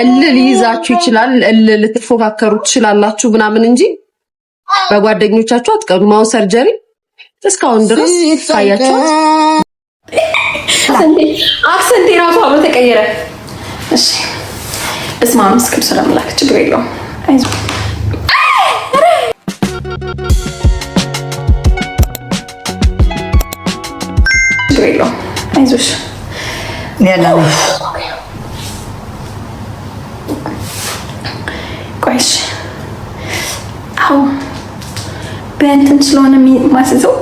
እልል ይዛችሁ ይችላል እልል ልትፎካከሩ ትችላላችሁ ምናምን እንጂ በጓደኞቻችሁ አትቀሩ። አሁን ሰርጀሪ እስካሁን ድረስ ይታያችኋል። አክሰንቴ ራሱ አብሮ ተቀየረ። እሺ በስመ አብ ስለምላክ ችግር የለውም ችግር የለውም አይዞሽ ያለው በእንትን ስለሆነ ማስዘው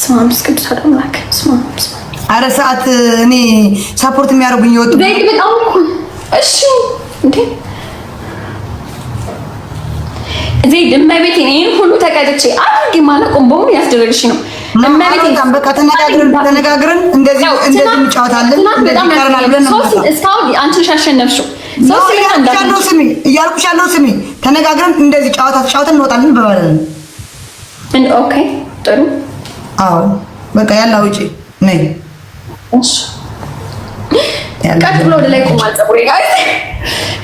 ስማምስ ቅዱስ ምስቅዱስ አምላክ ስማ አረ ሰዓት እኔ ሳፖርት የሚያደርጉኝ ይወጡ ዘይት በጣም እሺ እንዴ ዘይት እመቤቴ ይህን ሁሉ ተቀደቼ አድርጌ ማለቁም በሙሉ ያስደረግሽ ነው እመቤቴ በቃ ተነጋግረን ተነጋግረን እንደዚህ እንደዚህ እንጫወታለን እንደዚህ ቀረናል ብለን ነው እስካሁን አንቺ ነሽ እያልኩሽ ያለው ስሚ፣ ተነጋግረን እንደዚህ ጨዋታ ተጫወተን እንወጣለን በባለን። ኦኬ ጥሩ። አዎ በቃ ያለ ውጪ ነይ። ቀጥ ብሎ ወደ ላይ ቆሟል ፀጉሬ።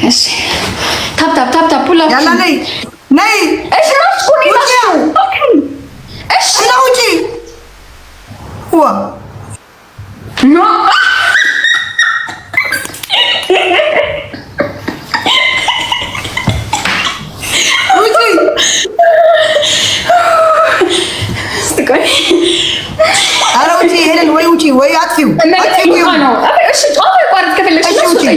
እሺ እሺ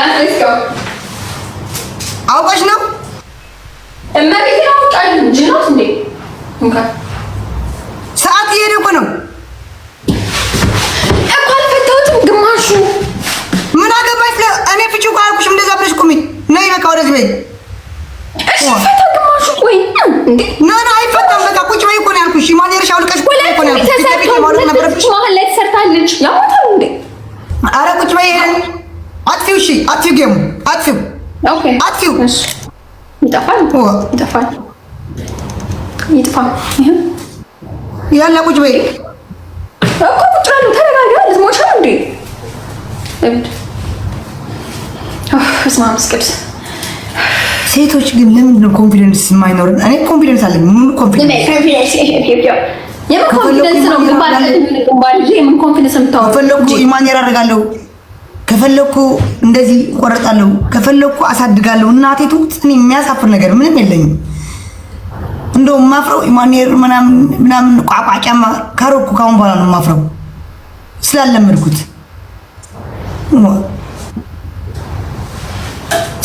አውቀሽ ነው እመቤቴ? አውቃለሁ እንጂ ናት እንዴ? ሰዓት እየሄደ እኮ ነው እኮ አልፈታሁትም። ግማሹ ምን አገባሽ? እኔ ፍቺ እኮ አልኩሽም። እንደዛ ብለሽ ቁሚ ነይ፣ በቃ ወደዚህ በይ። እሺ አይፈታም። በቃ ቁጭ በይ እኮ ነው ያልኩሽ። ማን ይርሻው ልቀሽ እኮ ነው ያልኩሽ። ተሰርቶ ነበረብሽ ተሰርታለች። ያው እሺ አጥፊው ጌሙ አጥፊው አጥፊው ይጠፋል ይጠፋል ይጥፋ። ያላ ቁጭ በይ ሴቶች ግን ለምን ነው ኮንፊደንስ የማይኖርን? እኔ ኮንፊደንስ አለኝ። ምን ኮንፊደንስ ነው? ግንባል ኮንፊደንስ የምታወፈለኩ ኢማን ያራርጋለሁ ከፈለኩ እንደዚህ ቆረጣለሁ፣ ከፈለኩ አሳድጋለሁ። እናቴቱ ጽን የሚያሳፍር ነገር ምንም የለኝም። እንደውም ማፍረው ኢማኑኤል ምናምን ቋቋጫማ ካሮኩ ካሁን በኋላ ነው ማፍረው ስላለመድኩት።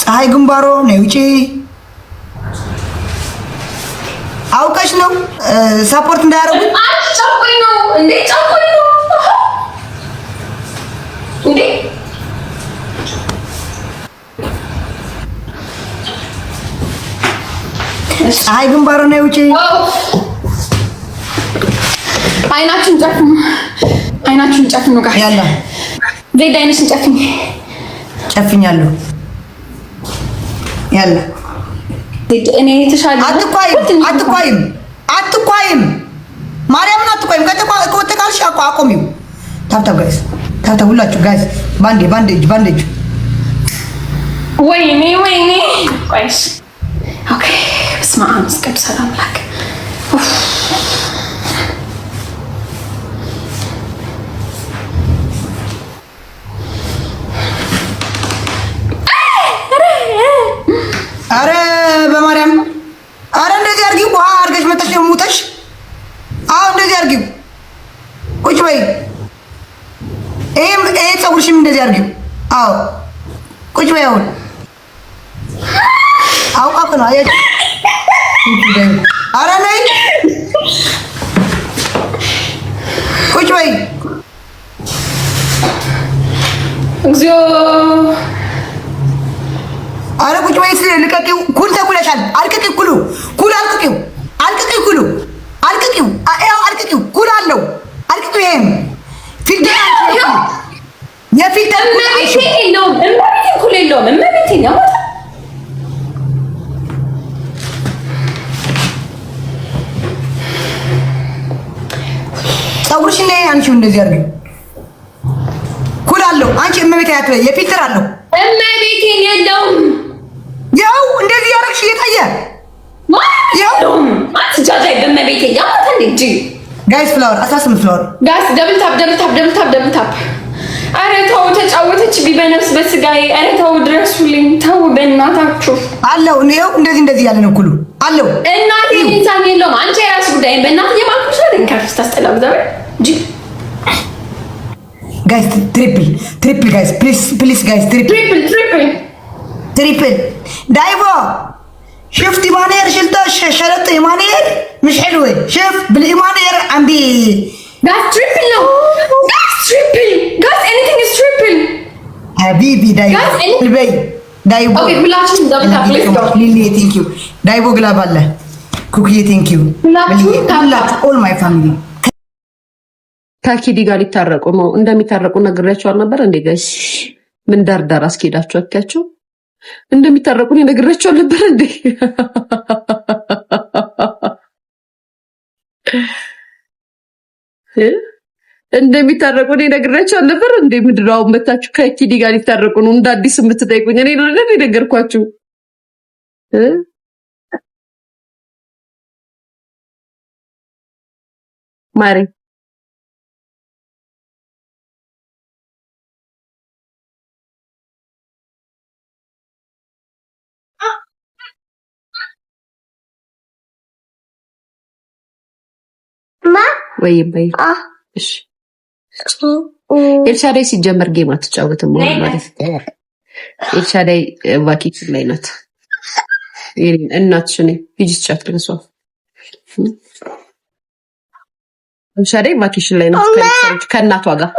ፀሐይ ግንባሮ ነይ ውጪ አውቀሽ ነው ሳፖርት እንዳያረጉ ጨኩኝ ነው እንዴ ጨኩኝ ነው እንዴ አይ ግንባሩ ነው ውጪ። አይናችን ጨፍኑ፣ አይናችን ጨፍኑ። ጋር ያለ ዜድ አይነሽን ጨፍኝ። ጨፍኛለሁ። ያለ ዜድ እኔ የተሻለ አትቋይም፣ አትቋይም፣ አትቋይም። ማርያምን አትቋይም። ከተቃልሽ አቆሚው። ታብታብ ጋይስ፣ ታብታብ ሁላችሁ ጋይስ፣ ባንዴ ባንዴጅ፣ ባንዴጅ። ወይኔ ወይኔ፣ ቆይሽ ኦኬ። በስመ አብ ወወልድ ሰላም ላክ አረ በማርያም አረ እንደዚህ አድርጊው። ውሃ አድርገሽ መተሽ ነው ሙተሽ። አዎ እንደዚህ አድርጊው። ቁጭ በይ። ይሄም ይሄ ፀጉርሽም እንደዚህ አድርጊው። አዎ ቁጭ በይ አሁን አውቃ ነው። አያችሁ? ኧረ ነይ ቁጭ በይ። እግዚኦ! ኧረ ቁጭ በይ። ልቀቂው። ኩል ተኩለሻል። አልቀቂው። ኩሉ ኩል አልቀቂው ቀሚሱ እንደዚህ አድርገኝ። ኩል አለው አንቺ እመቤት አያት ላይ የፊልተር አለው እመቤት የለውም። ያው እንደዚህ ያደረግሽ እየታየ ጋይስ ፍላወር አስራ ስምንት ፍላወር ጋይስ ደብል ታፕ ደብል ታፕ ደብል ታፕ ደብል ታፕ። አረ ተው ተጫወተች ቢበነፍስ በስጋዬ አረ ተው ድረሱልኝ ተው በእናታችሁ። አለው ይኸው እንደዚህ እንደዚህ ያለ ነው ኩሉ አለው እናቴ ሚዛን የለውም። አንቺ የራስ ጉዳይ በእናት አይደል ከፍስ ታስጠላው ዛሬ guys triple triple guys please please guys triple triple triple تريبل دايفو شفت ايمانير شلت شلت ايمانير مش حلوه شوف بالايمانير عم بي That's triple no. That's triple. Guys, anything is triple. حبيبي دايفو Guys, anything. البي دايفو اوكي بالله شو بدك بليز دو ليلي ثانك يو دايفو جلاب الله كوكي ثانك يو بالله كل ماي فاميلي ከኪዲ ጋር ሊታረቁ ነው። እንደሚታረቁ ነግሬያቸው አልነበር እንዴ? ጋይስ ምን ዳርዳር አስኬዳቸው አካቸው እንደሚታረቁ ነግሬያቸው አልነበር እንዴ? እንደሚታረቁ እኔ ነግሬያቸው አልነበር እንዴ? ምድር አሁን መታችሁ ከኪዲ ጋር ሊታረቁ ነው እንደ አዲስ የምትጠይቁኝ? እኔ ለለ ነገርኳችሁ። ማሪ በይ በይ። እሺ ኤልሻዳይ ሲጀመር ጌም አትጫወትም ማለት ኤልሻዳይ ቫኬሽን ላይ ናት። እናትሽ ነኝ ሂጂ ስጫት ለሷ ኤልሻዳይ ቫኬሽን ላይ ናት ከእናቷ ጋር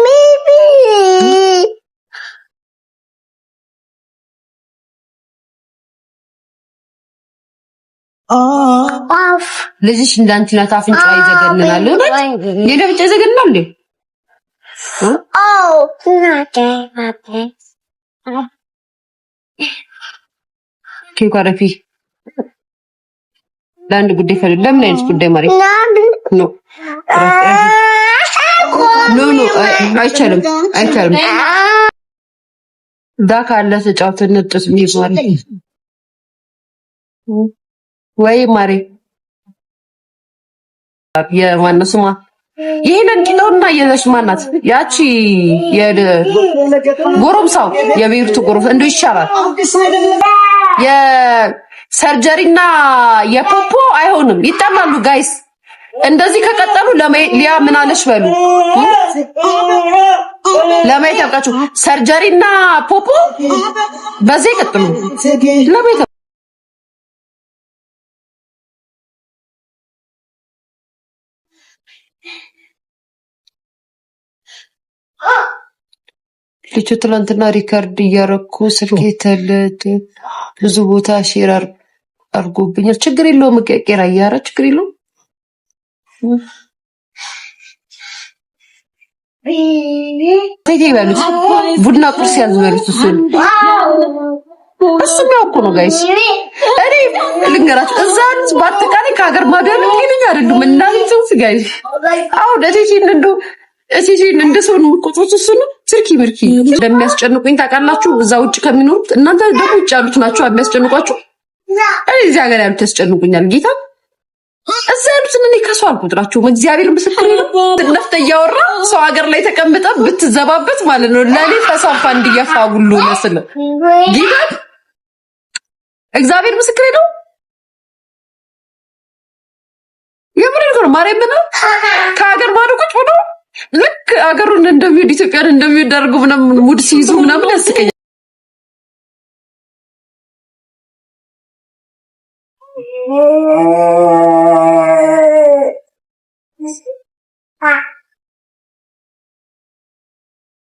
ልጅሽ እንዳንቺ ናት። አፍንጫ ይዘገንናል። ሌላ ብቻ ይዘገንናል እንዴ? ኬኳ ረፊ ለአንድ ጉዳይ ፈል ለምን አይነት ጉዳይ ማለት ነው? ኖ ኖ አይቻልም፣ አይቻልም። ዳ ካለ ተጫውተን ነጥስ ሚማሪ ወይ ማሬ የማን ስሟ ይሄንን ቂጠውና የለሽ ማናት ያቺ የጎረምሳው የቤርቱ ጎረምሳ እንዶ ይሻላል። የሰርጀሪና የፖፖ አይሆንም፣ ይጣላሉ ጋይስ። እንደዚህ ከቀጠሉ ሊያ ምን አለሽ በሉ ለማየት ያብቃችሁ። ሰርጀሪና ፖፖ በዚህ ይቀጥሉ ለማየት ልጁ ትናንትና ሪከርድ እያረኩ ስልኬ ተልትል ብዙ ቦታ ሼር አርጎብኛል። ችግር የለው ቄራ እያረ ችግር የለው ቴቴ በሉት ቡና ቁርስ ያዝ በሉት። እሱን እሱ የሚያውቁ ነው ጋይስ። እኔ ልንገራት እዛ ሉት በአጠቃላይ ከሀገር ማዳን ሄድኛ አይደሉም እናንተ ጋይስ አሁን እቴቴ እንዶ እሴሴን እንደ ሰው ነው የምቆጥሩት። እሱ ነው ስርኪ ምርኪ እንደሚያስጨንቁኝ ታውቃላችሁ። እዛ ውጭ ከሚኖሩት እናንተ ደግሞ ውጭ ያሉት ናቸው የሚያስጨንቋችሁ። እኔ እዚህ ሀገር ያሉት ያስጨንቁኛል። ጌታ እዛ ያሉት እኔ ከሰው አልቆጥራችሁም። እግዚአብሔር ምስክር ነፍተ እያወራ ሰው ሀገር ላይ ተቀምጠ ብትዘባበት ማለት ነው ለእኔ ተሳፋ እንዲያፋ ጉሉ መስል ጌታ እግዚአብሔር ምስክሬ ነው። የምሬን ነው። ማርያም ከሀገር ባዶ ልክ አገሩን እንደሚወድ ኢትዮጵያን እንደሚወድ አድርገው ምናምን ሙድ ሲይዙ ምናምን ያስቀኛል።